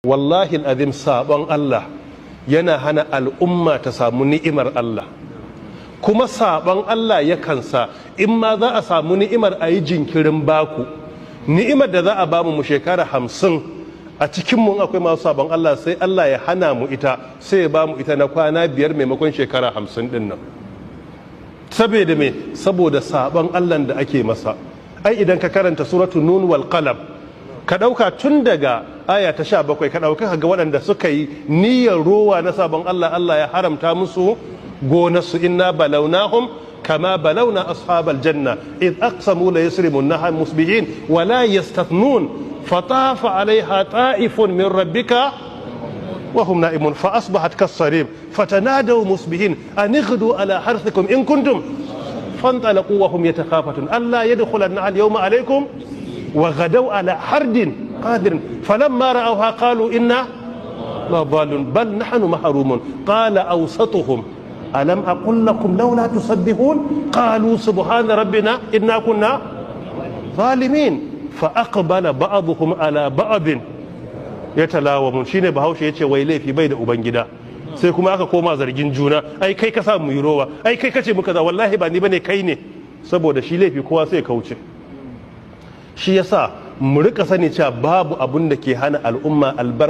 wallahi azim sabon Allah yana hana al'umma ta samu ni'imar Allah kuma sabon Allah ya kansa in ma za a samu ni'imar a yi jinkirin baku ni'imar da za a bamu mu shekara hamsin a cikin mun akwai masu sabon Allah sai Allah ya hana mu ita sai ya bamu ita na kwana biyar maimakon shekara hamsin din nan saboda me saboda sabon Allah da ake masa ai idan ka karanta suratu nun wal qalam ka ɗauka tun daga aya ta sha bakwai ka ɗauka ga waɗanda suka yi niyyar rowa na sabon Allah Allah ya haramta musu gonarsu inna balaunahum kama balauna ashabal janna id aqsamu la yasrimun naha musbihin wa la yastathnun fatafa alaiha ta'ifun min rabbika wa hum na'imun fa asbahat kasarim fatanadaw musbihin an ighdu ala harthikum in kuntum fantalaqu wa hum yatakhafatun alla yadkhulanna al yawma alaikum وغدوا على حرد قادر فلما رأوها قالوا إنا لضالون بل نحن محرومون قال أوسطهم ألم أقل لكم لولا تسبحون قالوا سبحان ربنا إنا كنا ظالمين فأقبل بعضهم على بعض يتلاومون شيني بهاوش يتشي ويلي في بيد أبنجدا sai kuma aka koma zargin juna ai kai ka sa mu yi rowa ai kai kace muka za wallahi ba ni bane kai ne saboda shi laifi kowa sai kauce shi yasa mu rika sani cewa babu abun da ke hana al'umma albarka